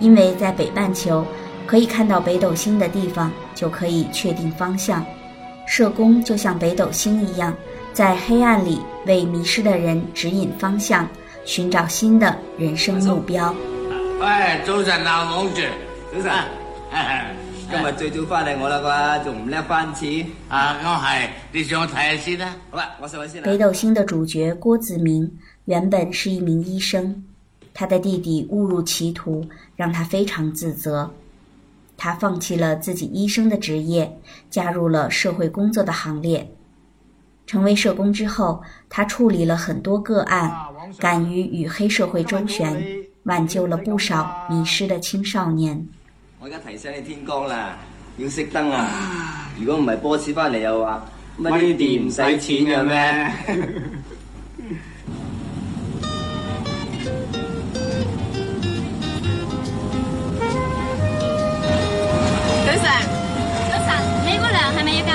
因為在北半球，可以看到北斗星的地方就可以確定方向。社工就像北斗星一樣，在黑暗裏為迷失的人指引方向，尋找新的人生目標。早晨，早晨，今日最早返嚟我啦啩？仲唔叻翻啊，係，你，我睇下先啦。好啦，我先啦。北斗星的主角郭子明原本是一名醫生。他的弟弟誤入歧途，讓他非常自責。他放棄了自己醫生的職業，加入了社會工作的行列。成為社工之後，他處理了很多個案，啊、敢於與黑社會周旋，啊、挽救了不少迷失的青少年。我而家提醒你天光啦，要熄燈啦、啊啊。如果唔係波士翻嚟又話，乜呢啲電唔使錢嘅咩？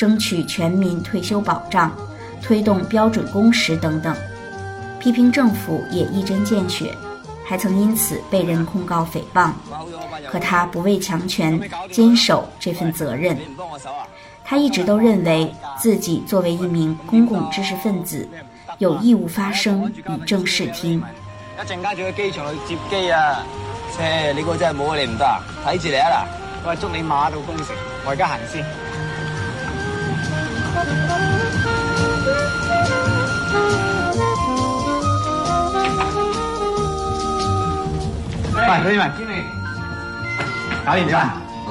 爭取全民退休保障，推動標準工時等等，批評政府也一針見血，還曾因此被人控告誹謗。可他不畏強權，堅守這份責任。他一直都認為自己作為一名公共知識分子，有義務發聲，以正視聽。一陣間去機場去接機啊！你個真係冇你唔得睇住啊啦！祝你馬到功成，我而家行先。喂，兄弟們，進來。搞掂咗？嗯。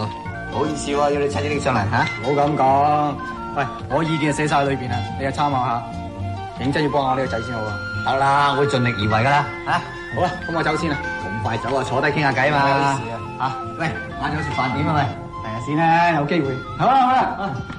唔好意思喎，要你親自拎上嚟吓，唔好咁講。喂，我意見寫晒喺裏邊啊，你要參考下。認真要幫我呢個仔先好啊。得啦，我會盡力而為噶啦。吓。好啦，咁我走先啦。咁快走啊？坐低傾下偈嘛。有事啊？吓。喂，晚上食飯點啊喂？第日先啦，有機會。好啦好啦。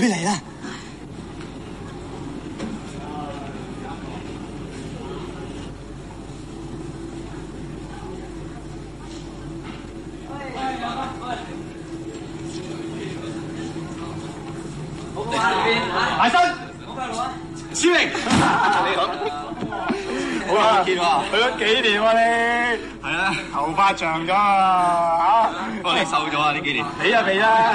咩嚟啦？好快啲，大新，司令，好啊！見啊，去咗幾年喎你。係啊，頭髮長咗啊，不過你瘦咗啊呢幾年。肥啊肥啊！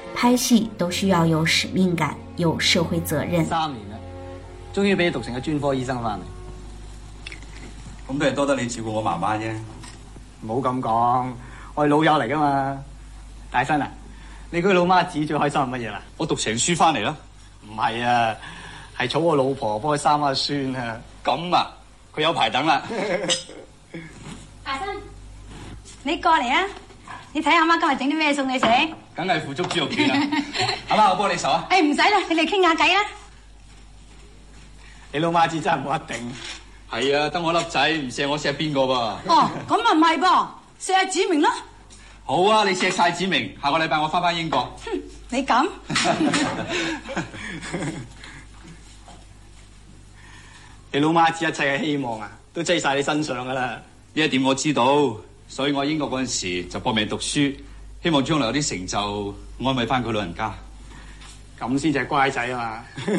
拍戲都需要有使命感，有社會責任。三年啦，終於俾你讀成個專科醫生翻嚟，咁都係多得你照顧我媽媽啫。唔好咁講，我係老友嚟噶嘛。大新啊，你個老媽子最開心係乜嘢啦？我讀成書翻嚟咯，唔係啊，係娶我老婆幫佢生阿孫啊。咁啊，佢有排等啦。大新，你過嚟啊。你睇下阿媽今日整啲咩餸你食？梗係腐竹豬肉片啊，阿媽， 我幫你手啊！誒、欸，唔使啦，你哋傾下偈啊。你老媽子真係冇一定，係啊，得我粒仔唔錫我錫邊個噃？哦，咁啊唔係噃，錫阿子明啦，啊。好啊，你錫晒子明，下個禮拜我翻翻英國哼。你敢？ 你老媽子一切嘅希望啊，都擠晒你身上噶啦。呢一點我知道。所以我喺英國嗰陣時就搏命讀書，希望將來有啲成就安慰翻佢老人家，咁先正乖仔啊嘛？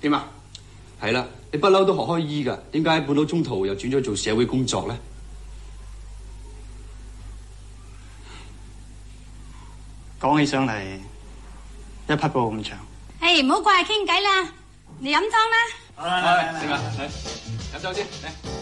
點 啊樣？係啦，你不嬲都學開醫噶，點解半路中途又轉咗做社會工作咧？講起上嚟一匹布咁長。誒，唔好怪傾偈啦，你飲湯啦。嚟嚟嚟，點嚟飲酒先嚟。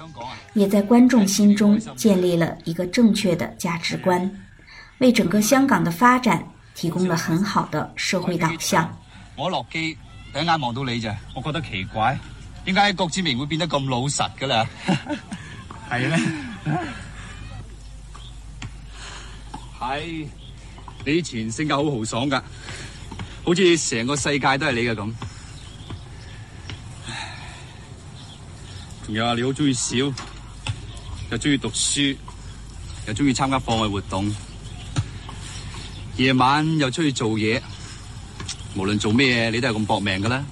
也在觀眾心中建立了一個正確的價值觀，為整個香港的發展提供了很好的社會導向。我落機第一眼望到你咋，我覺得奇怪，點解郭志明會變得咁老實噶啦係咩？係，你以前性格好豪爽噶，好似成個世界都係你嘅咁。仲有啊，你好中意笑。又中意讀書，又中意參加課外活動，夜晚又出去做嘢，無論做咩嘢，你都係咁搏命噶啦。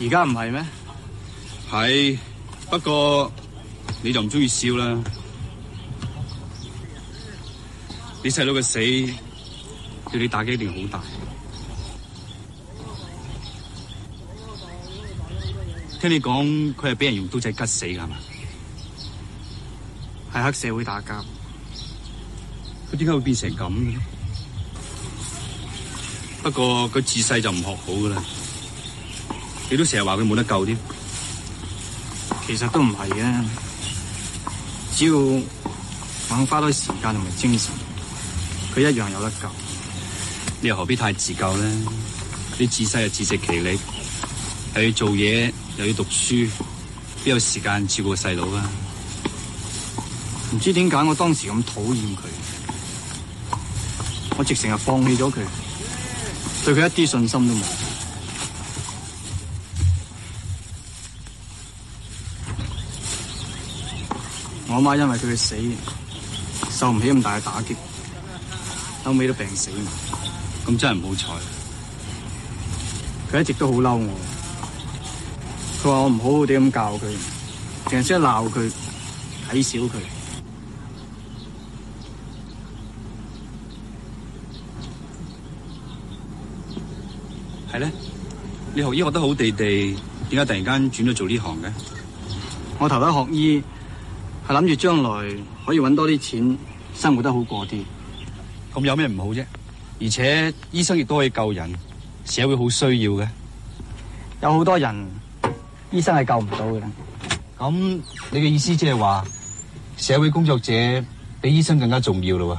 而家唔係咩？係，不過你就唔中意笑啦。你細佬嘅死，對你打擊一定好大。聽你講，佢係俾人用刀仔吉死㗎係嘛？係黑社會打交，佢點解會變成咁嘅咧？不過佢自細就唔學好噶啦，你都成日話佢冇得救添。其實都唔係嘅，只要肯花多啲時間同埋精神，佢一樣有得救。你又何必太自咎咧？你自細又自食其力，又要做嘢，又要讀書，邊有時間照顧個細佬啊？唔知點解我當時咁討厭佢，我直成日放棄咗佢，對佢一啲信心都冇。我阿媽因為佢嘅死，受唔起咁大嘅打擊，後尾都病死。咁真係唔好彩。佢一直都好嬲我，佢話我唔好好地咁教佢，成日先鬧佢，睇小佢。你學醫學得好地地，點解突然間轉咗做呢行嘅？我頭一學醫係諗住將來可以搵多啲錢，生活得好過啲。咁有咩唔好啫？而且醫生亦都可以救人，社會好需要嘅。有好多人醫生係救唔到嘅。咁你嘅意思即係話，社會工作者比醫生更加重要咯？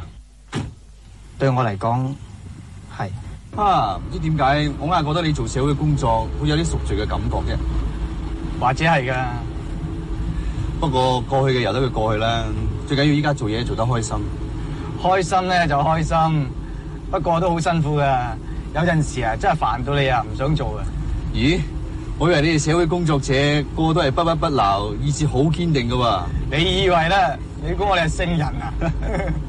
對我嚟講。啊，唔知點解，我硬係覺得你做社會工作會有啲贖罪嘅感覺嘅，或者係噶。不過過去嘅由得佢過去啦，最緊要依家做嘢做得開心。開心咧，就開心，不過都好辛苦噶。有陣時啊，真係煩到你啊，唔想做啊。咦？我以為你哋社會工作者個個都係不屈不撓，意志好堅定噶喎。你以為咧？你估我哋係聖人啊？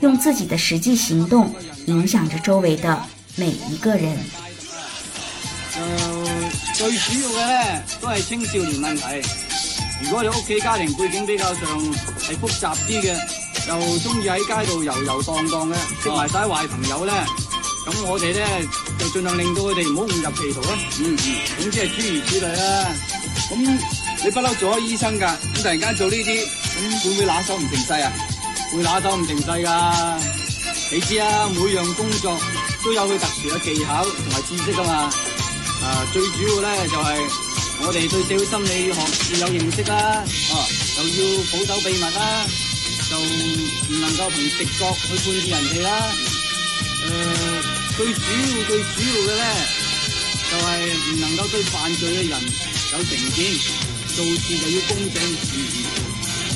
用自己的實際行動影響着周圍的每一個人。嗯、呃，最主要嘅咧都係青少年問題。如果你屋企家庭背景比較上係複雜啲嘅，又中意喺街度游游蕩蕩嘅，識埋晒壞朋友咧，咁我哋咧就盡量令到佢哋唔好誤入歧途啦。嗯嗯，總之係諸如此類啦。咁你不嬲做咗醫生噶，咁突然間做呢啲，咁會唔會拿手唔成世啊？會拿手唔成勢噶，你知啦，啊，每樣工作都有佢特殊嘅技巧同埋知識噶嘛。啊，最主要咧就係、是、我哋對社會心理學要有認識啦，啊，啊，又要保守秘密啦，啊，就唔能夠憑直覺去判斷人哋啦，啊。誒、啊，最主要最主要嘅咧就係、是、唔能夠對犯罪嘅人有成見，做事就要公正自然。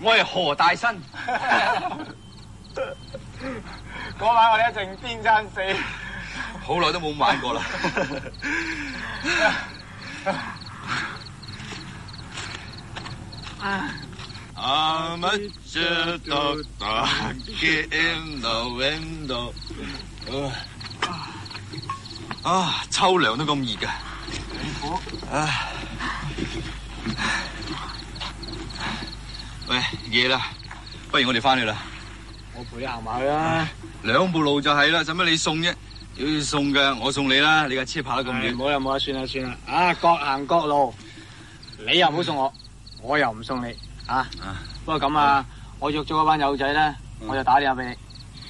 我係何大新，嗰 晚我哋一陣癲餐死，好耐都冇買過啦。啊，啊，秋涼都咁熱㗎。 夜啦，不如我哋翻去啦。我陪你行埋去啦，啊、兩步路就係啦，使乜你送啫？要送嘅，我送你啦。你架車跑得咁遠，冇啦冇啦，算啦算啦，啊，各行各路，你又唔好送我，嗯、我又唔送你啊。啊不過咁啊，啊我約咗嗰班友仔呢，嗯、我就打電話俾你。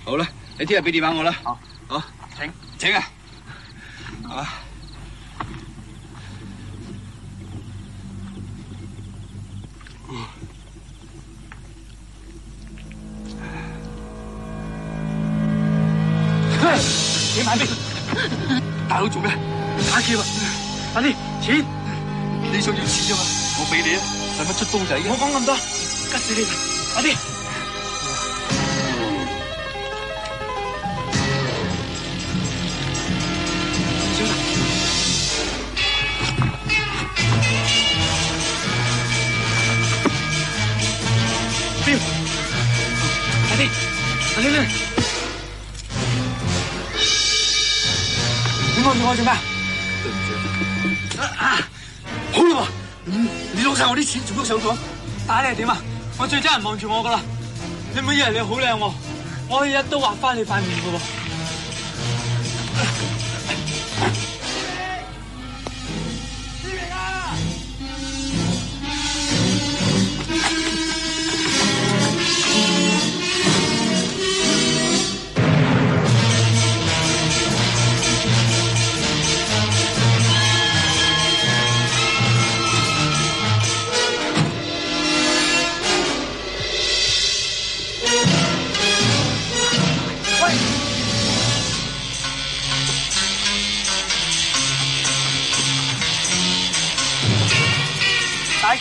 好啦，你聽日俾電話我啦。好，好，請，請啊，啊你買咩？大佬做咩？打劫啊！快啲錢！你想要錢啫嘛，我俾你啊，使乜出刀仔啊？唔好講咁多，急死你啦！快啲！我要做咩？對唔住啊，好啦，嗯、你攞晒我啲錢做屋手咗，打你又點啊？我最憎人望住我噶啦，你唔好以為你好靚喎，我可以一刀劃翻你塊面噶喎。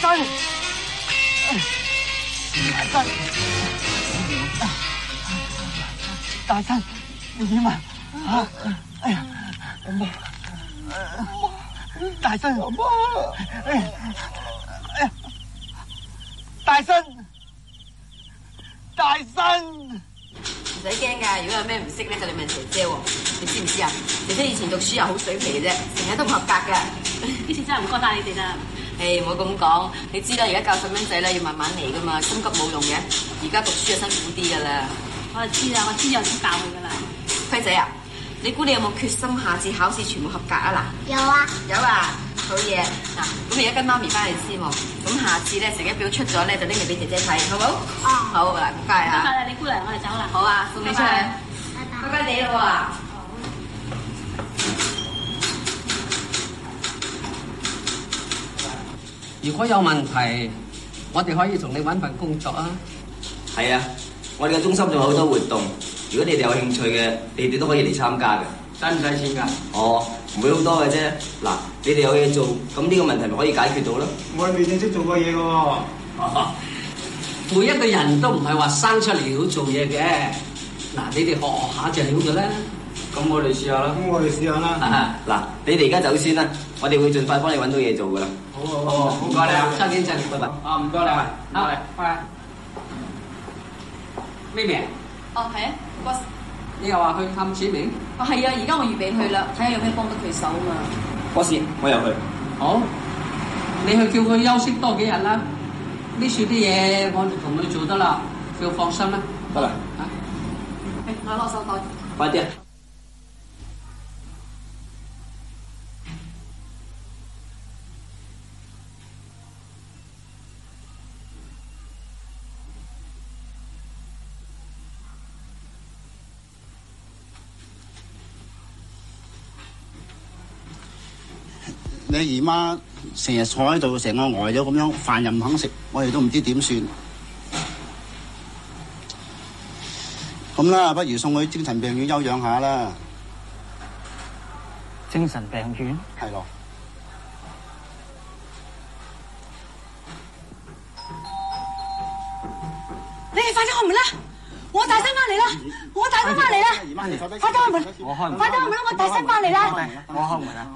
大新，大新，大新，你點啊？吓，哎呀，大新，大新，大新，唔使驚噶，如果有咩唔識咧，就你問姐姐喎，你知唔知啊？姐姐以前讀書又好水皮嘅啫，成日都唔合格噶，呢次真係唔該晒你哋啦。誒，唔好咁講，你知啦，而家教細蚊仔咧要慢慢嚟噶嘛，心急冇用嘅。而家讀書啊辛苦啲噶啦。我知啦，我知有先教佢噶啦。輝仔啊，你估你有冇決心下次考試全部合格啊嗱？有啊，有啊，好嘢嗱。咁而家跟媽咪翻去先喎。咁下次咧，成績表出咗咧，就拎嚟俾姐姐睇，好冇？哦。好啊，乖啊。拜拜啦，你姑嚟，我哋走啦。好啊，送你出去。拜拜。乖乖地啦喎。如果有問題，我哋可以同你揾份工作啊！係啊，我哋嘅中心仲有好多活動，如果你哋有興趣嘅，你哋都可以嚟參加嘅。使唔使錢噶、啊？哦，唔會好多嘅啫。嗱，你哋有嘢做，咁呢個問題咪可以解決到咯。我哋未正式做過嘢喎、哦啊。每一個人都唔係話生出嚟要做嘢嘅。嗱，你哋學學下就曉嘅啦。咁我哋試下啦。咁我哋試下啦。嗱，你哋而家走先啦，我哋會盡快幫你揾到嘢做噶啦。哦，唔該啦，收錢先，拜拜。哦、啊，唔該啦，好，拜拜。咩嘢？哦，係，boss，你又話去探子明？哦，係啊，而家我預備去啦，睇下有咩幫得佢手嘛。boss，我入去。好，你去叫佢休息多幾日啦。呢處啲嘢我同佢做得啦，要放心啦。得啦吧，吓、啊，誒，我攞手袋，快啲。你姨媽成日坐喺度，成個呆咗咁樣，飯又唔肯食，我哋都唔知點算。咁啦，不如送去精神病院休養下啦。精神病院？係咯。你哋快啲開門啦！我大聲翻嚟啦！我大聲翻嚟啦！姨媽嚟，快啲開門！我開門！快啲開門啦！我大聲翻嚟啦！我開門啊！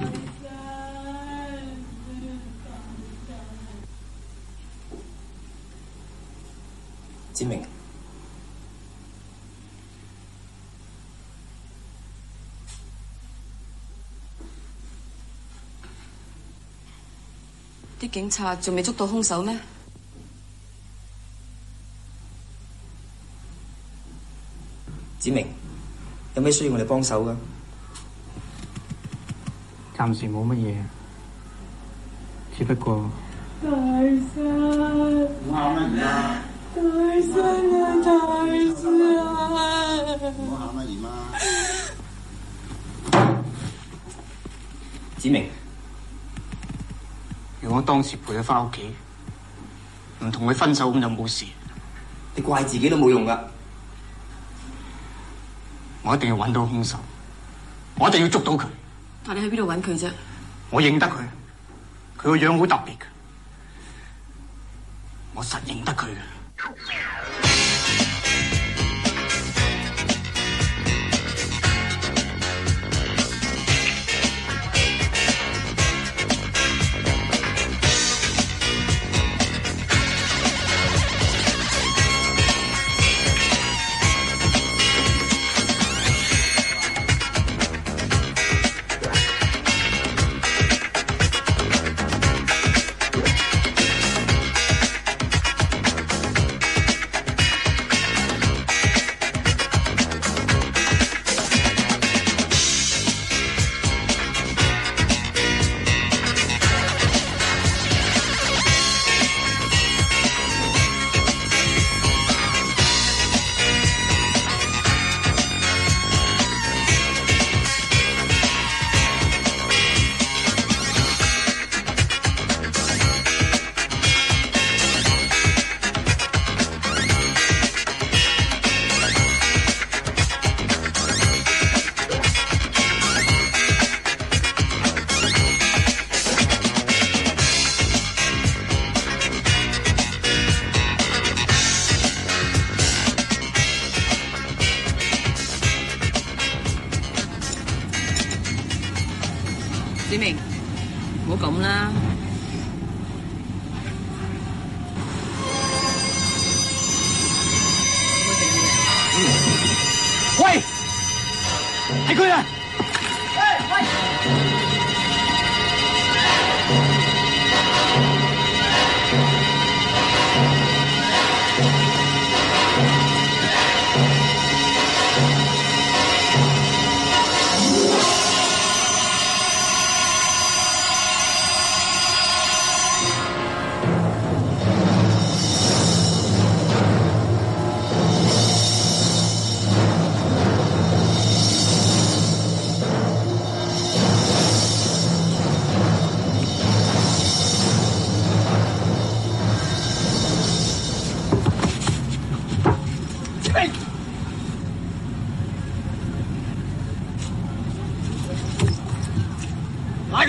子明，啲警察仲未捉到凶手咩？子明，有咩需要我哋幫手㗎？暫時冇乜嘢，只不過……哎呀，我阿媽。太殘忍，太殘忍！子明，啊，如果當時陪佢翻屋企，唔同佢分手，咁就冇事。你怪自己都冇用噶，我一定要揾到凶手，我一定要捉到佢。但你喺邊度揾佢啫？我認得佢，佢個樣好特別，我實認得佢嘅。咁啦。這樣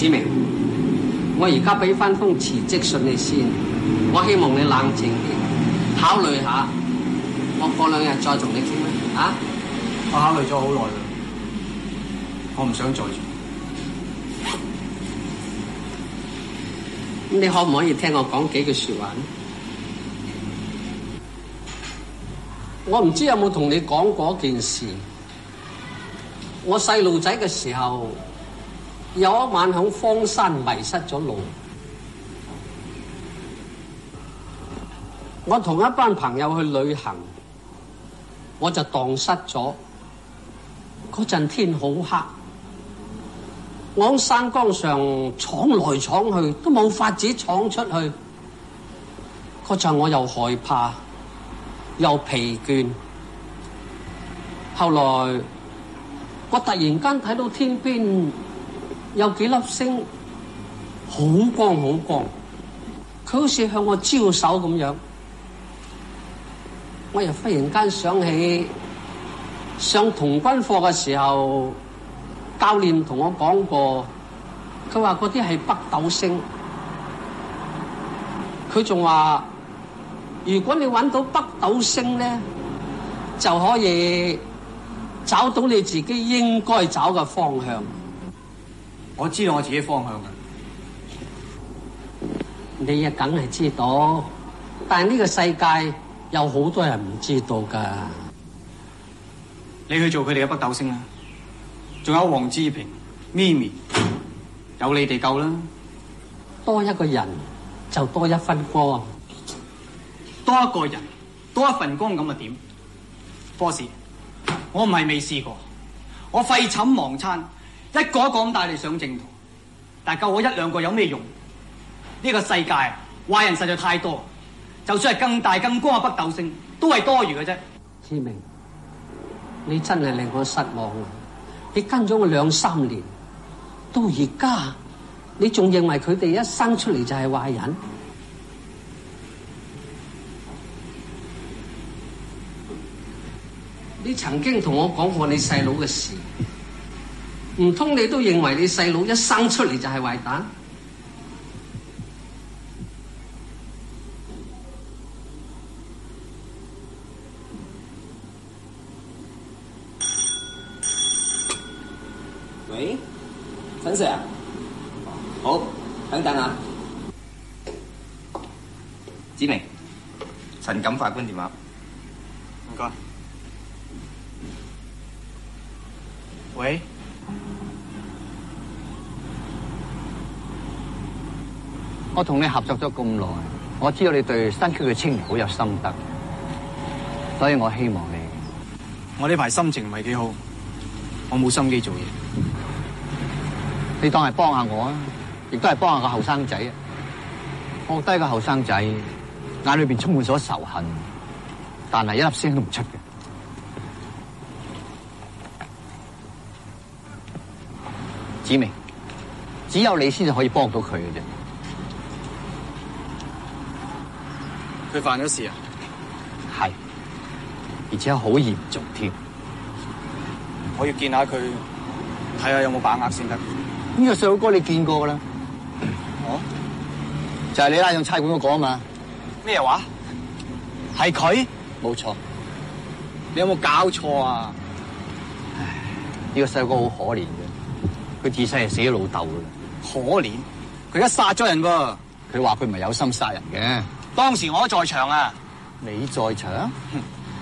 子明，我而家俾翻封辭職信你先，我希望你冷靜啲，考慮下，我過兩日再同你傾啊！我考慮咗好耐啦，我唔想再做。你可唔可以聽我講幾句說話咧？我唔知有冇同你講嗰件事。我細路仔嘅時候。有一晚喺荒山迷失咗路，我同一班朋友去旅行，我就蕩失咗。嗰陣天好黑，我喺山崗上闖來闖去，都冇法子闖出去。嗰陣我又害怕，又疲倦。後來我突然間睇到天邊。有幾粒星，好光好光，佢好似向我招手咁樣。我又忽然間想起上童軍課嘅時候，教練同我講過，佢話嗰啲係北斗星。佢仲話，如果你揾到北斗星咧，就可以找到你自己應該找嘅方向。我知道我自己的方向嘅，你啊梗係知道，但係呢個世界有好多人唔知道噶。你去做佢哋嘅北斗星啦，仲有黃志平、Mimi，有你哋夠啦，多一個人就多一分光，多一個人多一份光咁啊點？波士，我唔係未試過，我廢寢忘餐。一個一個咁帶你上正途，但係夠我一兩個有咩用？呢個世界壞人實在太多，就算係更大更光嘅北斗星，都係多餘嘅啫。志明，你真係令我失望啊！你跟咗我兩三年，到而家你仲認為佢哋一生出嚟就係壞人？你曾經同我講過你細佬嘅事。唔通你都認為你細佬一生出嚟就係壞蛋？喂，陳 Sir？好，等等啊，子明，陳錦法官電話。我同你合作咗咁耐，我知道你對新區嘅青年好有心得，所以我希望你。我呢排心情唔係幾好，我冇心機做嘢。你當係幫下我啊，亦都係幫下個後生仔啊。我低個後生仔眼裏邊充滿咗仇恨，但係一粒聲都唔出嘅。子明，只有你先至可以幫到佢嘅啫。佢犯咗事啊！係，而且好嚴重添。我要見下佢，睇下有冇把握先得。呢個細佬哥你見過噶啦？哦，就係你拉上差館我講啊嘛。咩話？係佢？冇錯。你有冇搞錯啊？呢個細佬哥好可憐嘅，佢自細係死咗老豆噶。可憐，佢而家殺咗人喎。佢話佢唔係有心殺人嘅。當時我在場啊！你在場？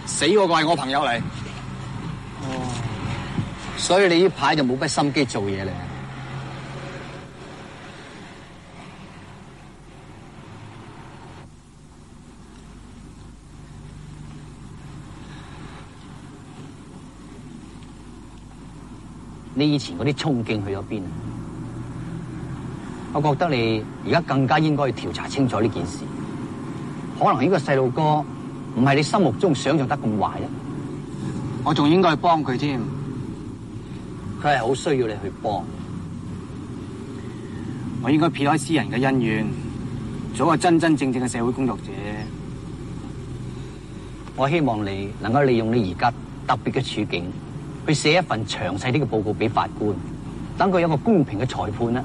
死嗰個係我朋友嚟我。哦，所以你呢排就冇乜心機做嘢嚟。你以前嗰啲衝勁去咗邊？我覺得你而家更加應該去調查清楚呢件事。可能呢個細路哥唔係你心目中想象得咁壞咧，我仲應該去幫佢添，佢係好需要你去幫。我應該撇開私人嘅恩怨，做一個真真正正嘅社會工作者。我希望你能夠利用你而家特別嘅處境，去寫一份詳細啲嘅報告俾法官，等佢有一個公平嘅裁判啦。